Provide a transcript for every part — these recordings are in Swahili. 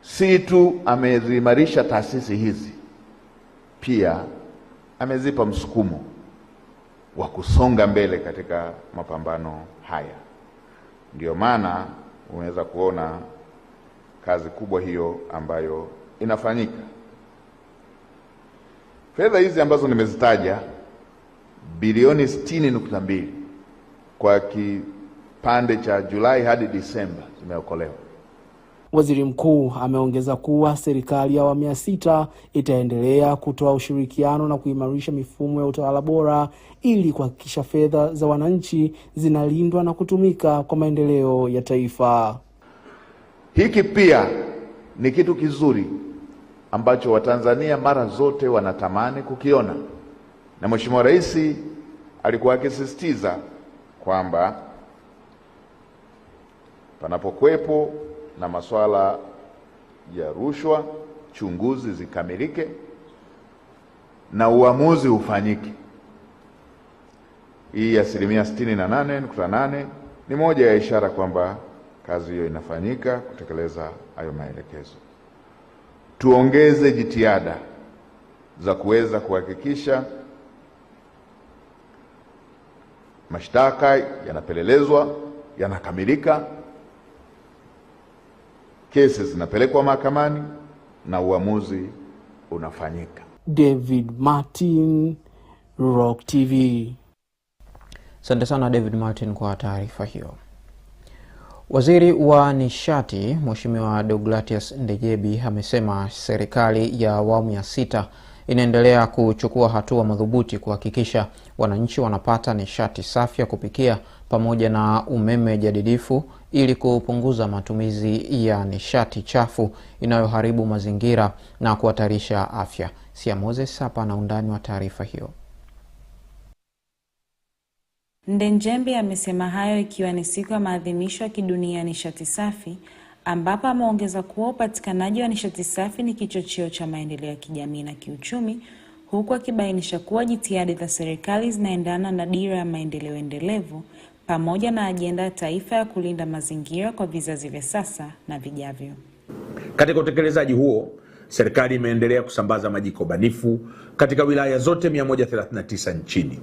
si tu ameziimarisha taasisi hizi, pia amezipa msukumo wa kusonga mbele katika mapambano haya. Ndiyo maana unaweza kuona kazi kubwa hiyo ambayo inafanyika. Fedha hizi ambazo nimezitaja bilioni sitini nukta mbili kwa kipande cha Julai hadi Disemba zimeokolewa. Waziri mkuu ameongeza kuwa serikali ya awamu ya sita itaendelea kutoa ushirikiano na kuimarisha mifumo ya utawala bora ili kuhakikisha fedha za wananchi zinalindwa na kutumika kwa maendeleo ya taifa. Hiki pia ni kitu kizuri ambacho Watanzania mara zote wanatamani kukiona, na Mheshimiwa Rais alikuwa akisisitiza kwamba panapokuwepo na masuala ya rushwa, chunguzi zikamilike na uamuzi ufanyike. Hii asilimia sitini na nane nukta nane ni moja ya ishara kwamba kazi hiyo inafanyika kutekeleza hayo maelekezo. Tuongeze jitihada za kuweza kuhakikisha mashtaka yanapelelezwa, yanakamilika kesi zinapelekwa mahakamani na uamuzi unafanyika. David Martin, Rock TV. Asante sana David Martin kwa taarifa hiyo. Waziri wa nishati Mheshimiwa Deogratius Ndejebi amesema serikali ya awamu ya sita inaendelea kuchukua hatua madhubuti kuhakikisha wananchi wanapata nishati safi ya kupikia pamoja na umeme jadidifu ili kupunguza matumizi ya nishati chafu inayoharibu mazingira na kuhatarisha afya. Sia Moses hapa na undani wa taarifa hiyo. Ndenjembe amesema hayo ikiwa ni siku ya maadhimisho ya kidunia ya nishati safi, ambapo ameongeza kuwa upatikanaji wa nishati safi ni kichocheo cha maendeleo ya kijamii na kiuchumi, huku akibainisha kuwa jitihada za serikali zinaendana na dira ya maendeleo endelevu pamoja na ajenda ya taifa ya kulinda mazingira kwa vizazi vya sasa na vijavyo. Katika utekelezaji huo, serikali imeendelea kusambaza majiko banifu katika wilaya zote 139 nchini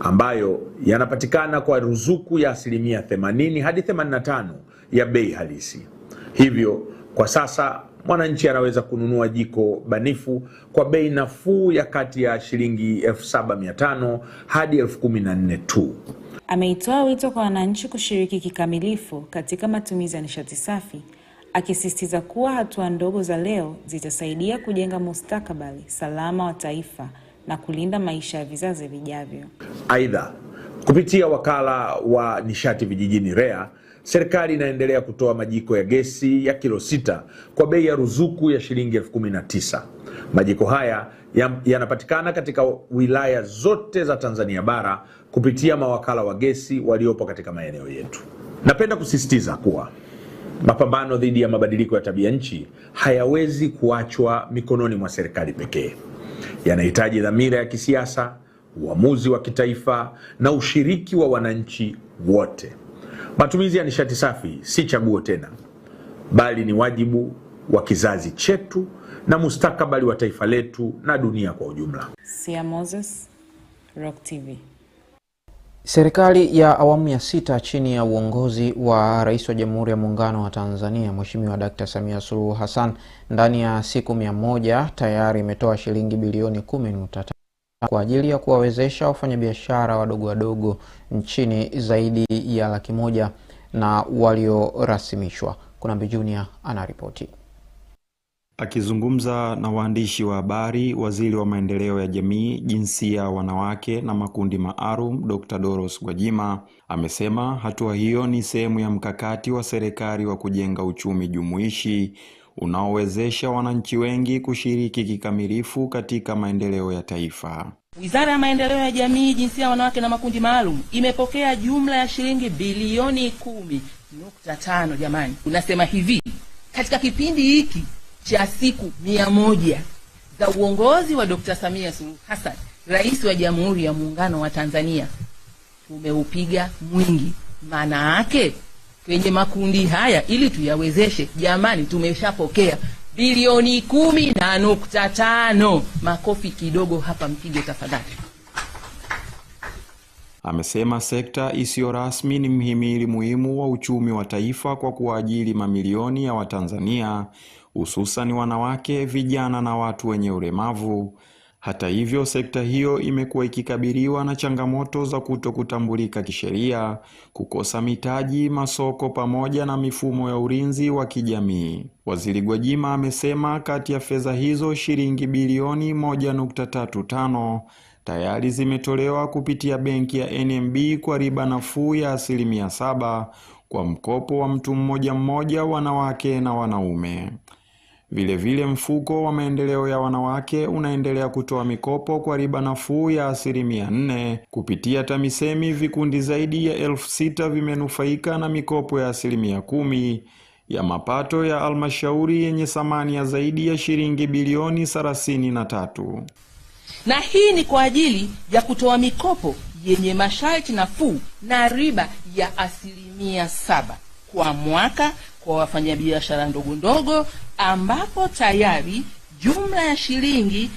ambayo yanapatikana kwa ruzuku ya asilimia 80 hadi 85 ya bei halisi. Hivyo kwa sasa mwananchi anaweza kununua jiko banifu kwa bei nafuu ya kati ya shilingi 7500 hadi 14000 tu. Ameitoa wito kwa wananchi kushiriki kikamilifu katika matumizi ya nishati safi, akisistiza kuwa hatua ndogo za leo zitasaidia kujenga mustakabali salama wa taifa na kulinda maisha ya vizazi vijavyo. Aidha, kupitia wakala wa nishati vijijini REA, serikali inaendelea kutoa majiko ya gesi ya kilo sita kwa bei ya ruzuku ya shilingi 19 Majiko haya yanapatikana ya katika wilaya zote za Tanzania bara kupitia mawakala wa gesi waliopo katika maeneo yetu. Napenda kusisitiza kuwa mapambano dhidi ya mabadiliko ya tabia nchi hayawezi kuachwa mikononi mwa serikali pekee. Yanahitaji dhamira ya kisiasa, uamuzi wa kitaifa na ushiriki wa wananchi wote. Matumizi ya nishati safi si chaguo tena, bali ni wajibu wa kizazi chetu na mustakabali wa taifa letu na dunia kwa ujumla. Sia Moses, Rock TV. Serikali ya awamu ya sita chini ya uongozi wa Rais wa Jamhuri ya Muungano wa Tanzania Mheshimiwa Dkt. Samia Suluhu Hassan ndani ya siku mia moja tayari imetoa shilingi bilioni kumi nukta kwa ajili ya kuwawezesha wafanyabiashara wadogo wadogo nchini zaidi ya laki moja na waliorasimishwa. Kuna Mbi anaripoti. Akizungumza na waandishi wa habari, waziri wa maendeleo ya jamii, jinsia, wanawake na makundi maalum, Dr. Doros Gwajima amesema hatua hiyo ni sehemu ya mkakati wa serikali wa kujenga uchumi jumuishi unaowezesha wananchi wengi kushiriki kikamilifu katika maendeleo ya taifa. Wizara ya Maendeleo ya Jamii, Jinsia, Wanawake na Makundi Maalum imepokea jumla ya shilingi bilioni kumi nukta tano. Jamani, unasema hivi katika kipindi hiki cha siku mia moja za uongozi wa Dkt. Samia Suluhu Hassan, rais wa Jamhuri ya Muungano wa Tanzania, tumeupiga mwingi. Maana yake kwenye makundi haya ili tuyawezeshe, jamani, tumeshapokea bilioni kumi na nukta tano. Makofi kidogo hapa mpige tafadhali. Amesema sekta isiyo rasmi ni mhimili muhimu wa uchumi wa taifa kwa kuwaajiri mamilioni ya Watanzania hususan wanawake, vijana na watu wenye ulemavu. Hata hivyo, sekta hiyo imekuwa ikikabiliwa na changamoto za kutokutambulika kisheria, kukosa mitaji, masoko pamoja na mifumo ya ulinzi wa kijamii. Waziri Gwajima amesema kati ya fedha hizo shilingi bilioni 1.35 tayari zimetolewa kupitia benki ya NMB kwa riba nafuu ya asilimia saba kwa mkopo wa mtu mmoja mmoja, wanawake na wanaume. Vilevile, mfuko wa maendeleo ya wanawake unaendelea kutoa mikopo kwa riba nafuu ya asilimia nne kupitia TAMISEMI. Vikundi zaidi ya elfu sita vimenufaika na mikopo ya asilimia kumi ya mapato ya almashauri yenye thamani ya zaidi ya shilingi bilioni thelathini na tatu, na hii ni kwa ajili ya kutoa mikopo yenye masharti nafuu na riba ya asilimia saba kwa mwaka kwa wafanyabiashara ndogo ndogo ambapo tayari jumla ya shilingi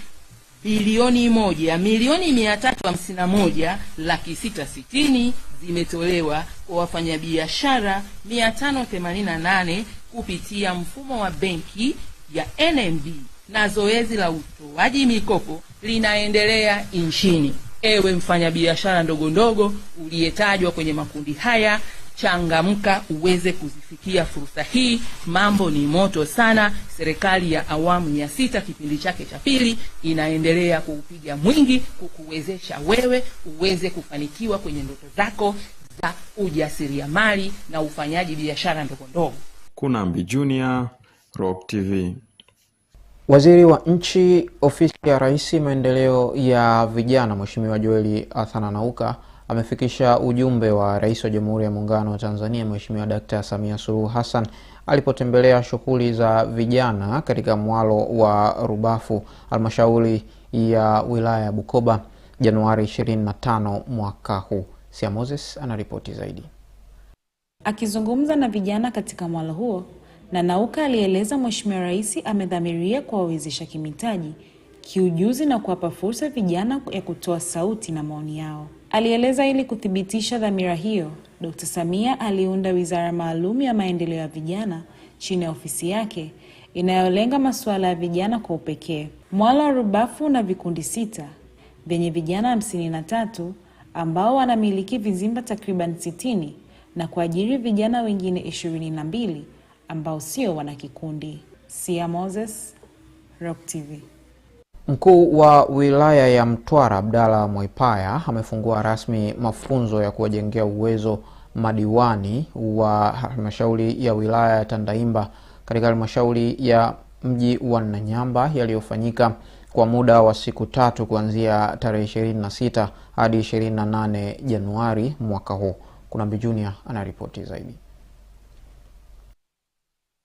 bilioni moja milioni mia tatu hamsini na moja laki sita sitini zimetolewa kwa wafanyabiashara mia tano themanini na nane kupitia mfumo wa benki ya NMB na zoezi la utoaji mikopo linaendelea nchini. Ewe mfanyabiashara ndogo ndogo uliyetajwa kwenye makundi haya changamka uweze kuzifikia fursa hii. Mambo ni moto sana. Serikali ya awamu ya sita kipindi chake cha pili inaendelea kuupiga mwingi kukuwezesha wewe uweze kufanikiwa kwenye ndoto zako za ujasiriamali na ufanyaji biashara ndogondogo. Kunambi Junior, Rock TV. Waziri wa Nchi, Ofisi ya Rais, Maendeleo ya Vijana, Mheshimiwa Joeli Athananauka amefikisha ujumbe wa Rais wa Jamhuri ya Muungano wa Tanzania mweshimiwa Dkt. Samia Suluhu Hassan alipotembelea shughuli za vijana katika mwalo wa Rubafu halmashauri ya wilaya ya Bukoba Januari 25 mwaka huu. Sia Moses anaripoti zaidi. Akizungumza na vijana katika mwalo huo, Nanauka alieleza mweshimiwa Rais amedhamiria kuwawezesha kimitaji, kiujuzi na kuwapa fursa vijana ya kutoa sauti na maoni yao. Alieleza ili kuthibitisha dhamira hiyo, Dkt. Samia aliunda wizara maalum ya maendeleo ya vijana chini ya ofisi yake inayolenga masuala ya vijana kwa upekee. Mwala wa Rubafu na vikundi sita vyenye vijana hamsini na tatu ambao wanamiliki vizimba takriban sitini na kuajiri vijana wengine ishirini na mbili ambao sio wanakikundi. Sia Moses, TV. Mkuu wa wilaya ya Mtwara Abdalla Mwaipaya amefungua rasmi mafunzo ya kuwajengea uwezo madiwani wa halmashauri ya wilaya ya Tandaimba katika halmashauri ya mji wa Nanyamba yaliyofanyika kwa muda wa siku tatu kuanzia tarehe 26 hadi 28 Januari mwaka huu. Kuna Mbi Junior anaripoti zaidi.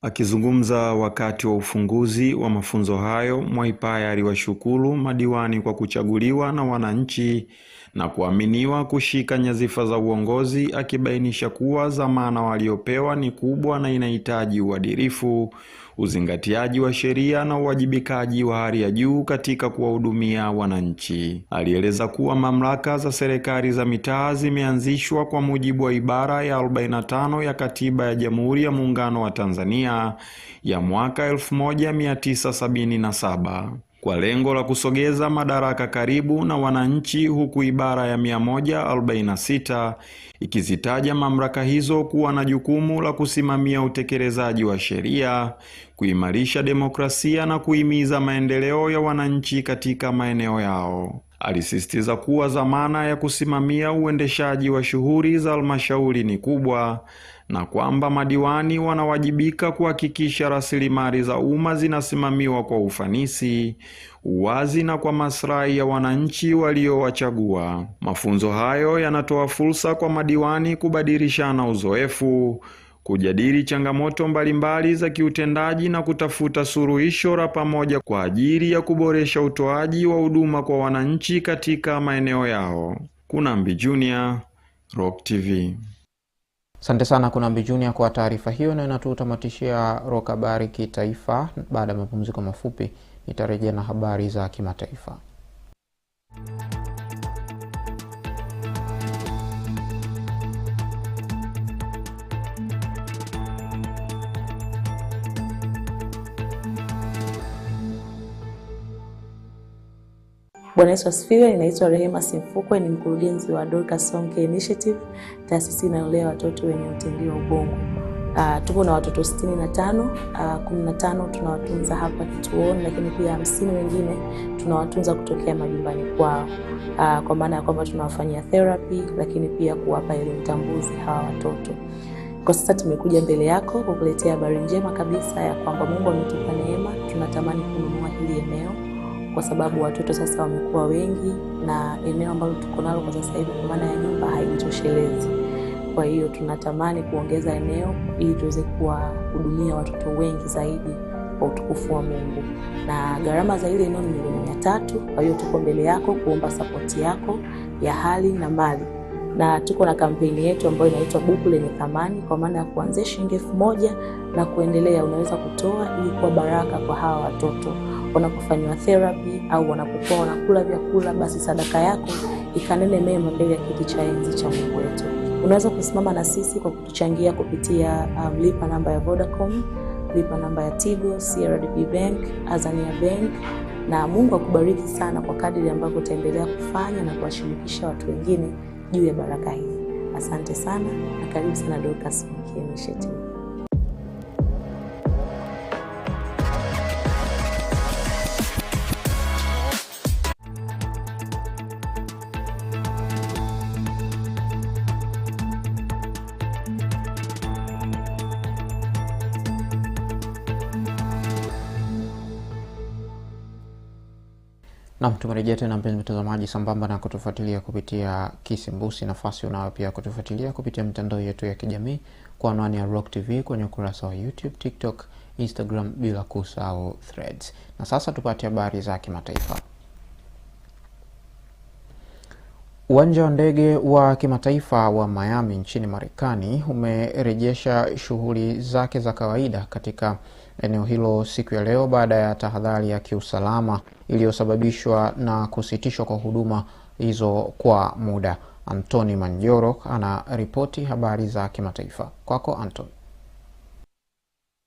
Akizungumza wakati wa ufunguzi wa mafunzo hayo, Mwaipaya aliwashukuru madiwani kwa kuchaguliwa na wananchi na kuaminiwa kushika nyadhifa za uongozi, akibainisha kuwa dhamana waliopewa ni kubwa na inahitaji uadilifu uzingatiaji wa sheria na uwajibikaji wa hali ya juu katika kuwahudumia wananchi. Alieleza kuwa mamlaka za serikali za mitaa zimeanzishwa kwa mujibu wa ibara ya 45 ya Katiba ya Jamhuri ya Muungano wa Tanzania ya mwaka 1977 kwa lengo la kusogeza madaraka karibu na wananchi, huku ibara ya 146 ikizitaja mamlaka hizo kuwa na jukumu la kusimamia utekelezaji wa sheria, kuimarisha demokrasia na kuhimiza maendeleo ya wananchi katika maeneo yao. Alisisitiza kuwa dhamana ya kusimamia uendeshaji wa shughuli za halmashauri ni kubwa na kwamba madiwani wanawajibika kuhakikisha rasilimali za umma zinasimamiwa kwa ufanisi, uwazi na kwa maslahi ya wananchi waliowachagua. Mafunzo hayo yanatoa fursa kwa madiwani kubadilishana uzoefu kujadili changamoto mbalimbali za kiutendaji na kutafuta suluhisho la pamoja kwa ajili ya kuboresha utoaji wa huduma kwa wananchi katika maeneo yao. Kunambi Junior, Rock TV. Asante sana Kunambi Junior kwa taarifa hiyo, na inatutamatishia Roka Habari Kitaifa. Baada ya mapumziko mafupi, nitarejea na habari za kimataifa. Bwana Yesu asifiwe. Ninaitwa Rehema Simfukwe, ni mkurugenzi wa Dorcas Songke Initiative, taasisi inayolea watoto wenye utindio wa ubongo. Uh, tuko na watoto 65, uh, 15 tunawatunza hapa kituoni, lakini pia 50 wengine tunawatunza kutokea majumbani kwao, uh, kwa maana ya kwamba tunawafanyia therapy, lakini pia kuwapa elimu tambuzi hawa watoto. Kwa sasa tumekuja mbele yako kukuletea habari njema kabisa ya kwamba Mungu ametupa neema. Tunatamani kununua hili eneo kwa sababu watoto sasa wamekuwa wengi na eneo ambalo tuko nalo kwa sasa hivi kwa maana ya nyumba haitoshelezi Kwa hiyo tunatamani kuongeza eneo ili tuweze kuwahudumia watoto wengi zaidi kwa utukufu wa Mungu. Na gharama za ile eneo ni milioni mia tatu. Kwa hiyo tuko mbele yako kuomba sapoti yako ya hali na mali, na tuko na kampeni yetu ambayo inaitwa buku lenye thamani, kwa maana ya kuanzia shilingi elfu moja na kuendelea, unaweza kutoa ili kuwa baraka kwa hawa watoto wanapofanyiwa therapy au wanapokuwa wanakula vyakula, basi sadaka yako ikanene mema mbele ya kiti cha enzi cha Mungu wetu. Unaweza kusimama na sisi kwa kutuchangia kupitia um, lipa namba ya Vodacom, lipa namba ya Tigo, CRDB Bank, Azania Bank na Mungu akubariki sana kwa kadiri ambavyo utaendelea kufanya na kuwashirikisha watu wengine juu ya baraka hii. Asante sana na karibu sana Dorcas Mkieni Nam, tumerejea tena mpenzi mtazamaji, sambamba na kutufuatilia kupitia kisimbusi, nafasi unayo pia kutufuatilia kupitia mitandao yetu ya kijamii kwa anwani ya rock TV kwenye ukurasa wa YouTube, TikTok, Instagram bila kusahau Threads. Na sasa tupate habari za kimataifa. Uwanja wa ndege wa kimataifa wa Miami nchini Marekani umerejesha shughuli zake za kawaida katika eneo hilo siku ya leo baada ya tahadhari ya kiusalama iliyosababishwa na kusitishwa kwa huduma hizo kwa muda. antoni Manjoro anaripoti habari za kimataifa. Kwako anton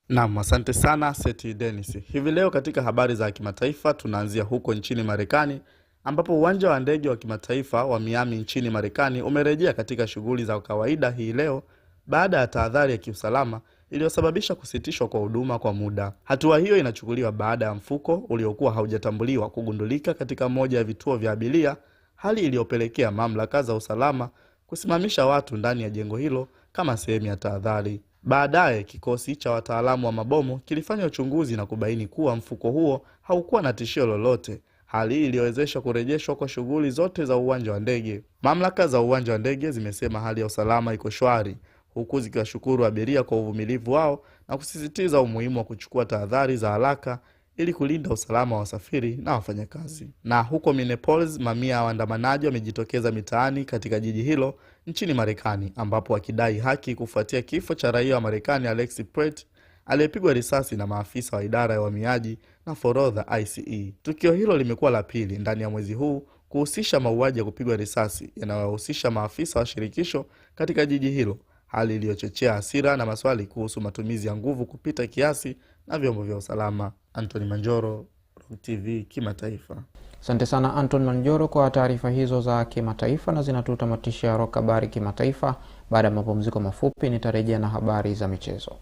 Nam, asante sana Seti Dennis. Hivi leo katika habari za kimataifa tunaanzia huko nchini Marekani ambapo uwanja wa ndege wa kimataifa wa Miami nchini Marekani umerejea katika shughuli za kawaida hii leo baada ya tahadhari ya kiusalama iliyosababisha kusitishwa kwa huduma kwa muda. Hatua hiyo inachukuliwa baada ya mfuko uliokuwa haujatambuliwa kugundulika katika moja ya vituo vya abiria, hali iliyopelekea mamlaka za usalama kusimamisha watu ndani ya jengo hilo kama sehemu ya tahadhari. Baadaye kikosi cha wataalamu wa mabomu kilifanya uchunguzi na kubaini kuwa mfuko huo haukuwa na tishio lolote hali hii iliyowezesha kurejeshwa kwa shughuli zote za uwanja wa ndege. Mamlaka za uwanja wa ndege zimesema hali ya usalama iko shwari, huku zikiwashukuru abiria kwa uvumilivu wao na kusisitiza umuhimu wa kuchukua tahadhari za haraka ili kulinda usalama wa wasafiri na wafanyakazi. Na huko Minneapolis, mamia ya waandamanaji wamejitokeza mitaani katika jiji hilo nchini Marekani, ambapo wakidai haki kufuatia kifo cha raia wa Marekani Alexi Pret aliyepigwa risasi na maafisa wa idara ya uhamiaji na forodha ICE. Tukio hilo limekuwa la pili ndani ya mwezi huu kuhusisha mauaji ya kupigwa risasi yanayohusisha maafisa wa shirikisho katika jiji hilo, hali iliyochochea hasira na maswali kuhusu matumizi ya nguvu kupita kiasi na vyombo vya usalama. Anthony Manjoro, Roc TV Kimataifa. Asante sana Anton Manjoro kwa taarifa hizo za kimataifa, na zinatutamatisha Roc Habari Kimataifa. Baada ya mapumziko mafupi, nitarejea na habari za michezo.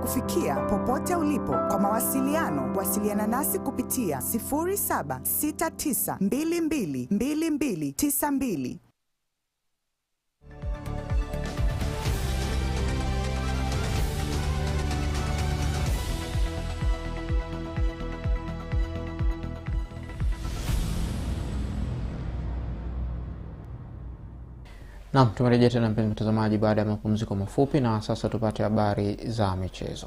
kufikia popote ulipo. Kwa mawasiliano, wasiliana nasi kupitia 0769222292. Naam, tumerejea tena mpenzi mtazamaji, baada ya mapumziko mafupi, na sasa tupate habari za michezo.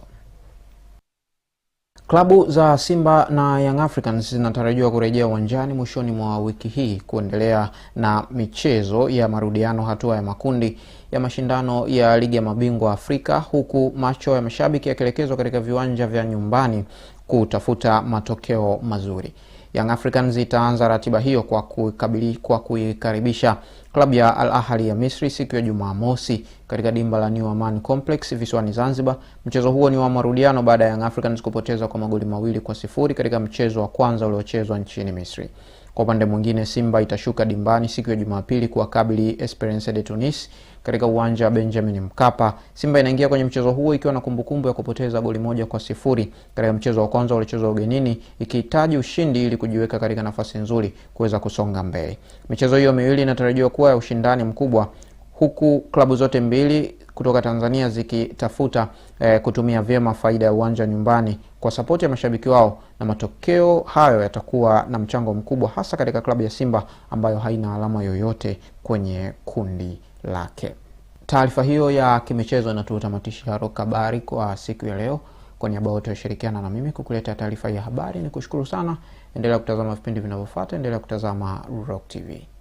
Klabu za Simba na Young Africans zinatarajiwa kurejea uwanjani mwishoni mwa wiki hii kuendelea na michezo ya marudiano hatua ya makundi ya mashindano ya ligi ya mabingwa Afrika, huku macho ya mashabiki yakielekezwa katika viwanja vya nyumbani kutafuta matokeo mazuri. Young Africans itaanza ratiba hiyo kwa kuikabili, kwa kuikaribisha Klabu ya Al ahali ya Misri siku ya Jumamosi katika dimba la New Aman Complex visiwani Zanzibar. Mchezo huo ni wa marudiano baada ya Young Africans kupoteza kwa magoli mawili kwa sifuri katika mchezo wa kwanza uliochezwa nchini Misri. Kwa upande mwingine, Simba itashuka dimbani siku ya Jumapili kuwakabili Esperance de Tunis katika uwanja wa Benjamin Mkapa. Simba inaingia kwenye mchezo huo ikiwa na kumbukumbu ya kupoteza goli moja kwa sifuri katika mchezo wa kwanza uliochezwa ugenini, ikihitaji ushindi ili kujiweka katika nafasi nzuri kuweza kusonga mbele. Michezo hiyo miwili inatarajiwa kuwa ya ushindani mkubwa huku klabu zote mbili kutoka Tanzania zikitafuta eh, kutumia vyema faida ya uwanja nyumbani kwa sapoti ya mashabiki wao, na matokeo hayo yatakuwa na mchango mkubwa hasa katika klabu ya Simba ambayo haina alama yoyote kwenye kundi lake. Taarifa hiyo ya kimichezo haroka Rokabari kwa siku ya leo. Kwa niaba wote washirikiana na mimi kukuletea taarifa ya habari, ni kushukuru sana. Endelea kutazama vipindi vinavyofuata, endelea kutazama rock TV.